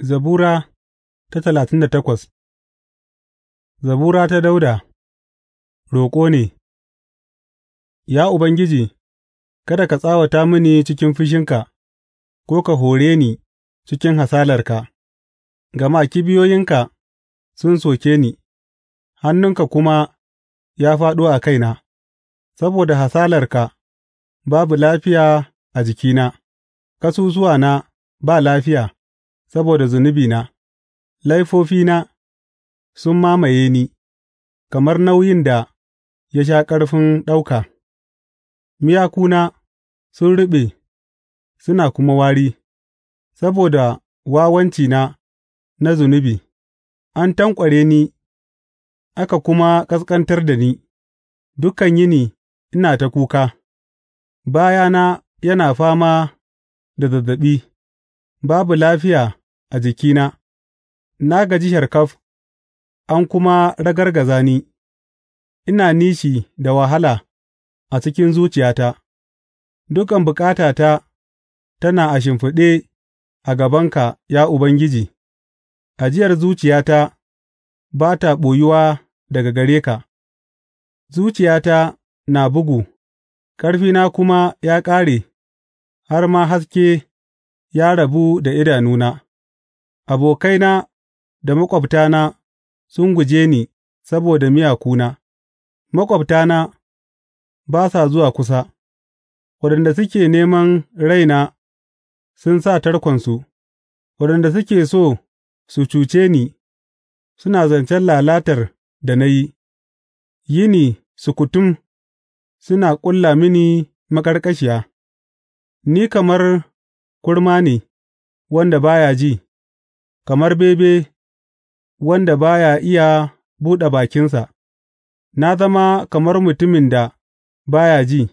Zabura ta talatin da takwas Zabura ta Dauda Roƙo ne Ya Ubangiji, kada ka tsawata mini cikin fushinka, ko ka hore ni cikin hasalarka, gama kibiyoyinka sun soke ni, hannunka kuma ya faɗo a kaina, saboda hasalarka babu lafiya a jikina, ƙasusuwana ba lafiya. saboda zunubina; laifofina sun mamaye ni kamar nauyin da ya sha ƙarfin ɗauka; miyakuna sun ruɓe suna kuma wari saboda wawancina na zunubi; an tanƙware ni aka kuma ƙasƙantar da ni, dukan yini ina ta kuka, bayana yana fama da zazzaɓi, babu lafiya. a jikina, na gaji sharkaf an kuma ragargaza ni, ina nishi da wahala a cikin zuciyata, dukan bukatata tana a shimfiɗe a gabanka, ya Ubangiji, ajiyar zuciyata ba ta ɓoyuwa daga gare ka; zuciyata na bugu, ƙarfina kuma ya ƙare, har ma haske ya rabu da idanuna. Abokaina da maƙwabtana sun guje ni saboda miyakuna; maƙwabtana ba sa zuwa kusa, waɗanda suke neman raina sun sa tarkonsu; waɗanda suke so su cuce ni suna zancen lalatar da na yi, yini sukutum suna ƙulla mini maƙarƙashiya; ni kamar kurma ne wanda ba ya ji. Kamar bebe wanda ba ya iya buɗe bakinsa, na zama kamar mutumin da ba ya ji,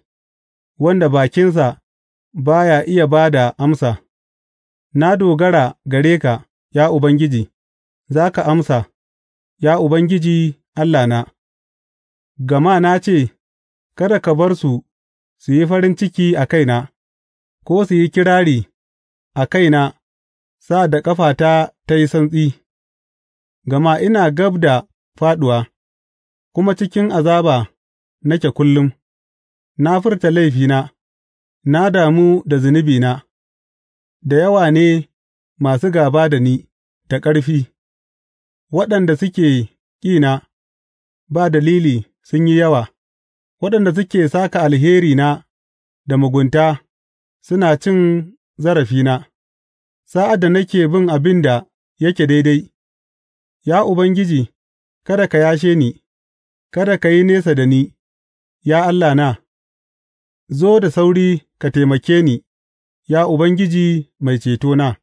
wanda bakinsa ba ya iya ba da amsa; na dogara gare ka, ya Ubangiji, za ka amsa, ya Ubangiji Allahna, gama na ce, Kada ka bar su su yi farin ciki a kaina ko su yi kirari a kaina sa'ad da ƙafata ta yi santsi, gama ina gab da fāɗuwa, kuma cikin azaba nake kullum; na furta laifina, na damu da zunubina, da yawa ne masu gāba da ni da ƙarfi, waɗanda suke ƙina ba dalili sun yi yawa, waɗanda suke sāka alherina da mugunta suna cin zarafina sa'ad da nake bin abin da yake daidai; Ya Ubangiji, kada ka yashe ni, kada ka yi nesa da ni, ya Allahna; zo da sauri ka taimake ni, ya Ubangiji Mai Cetona.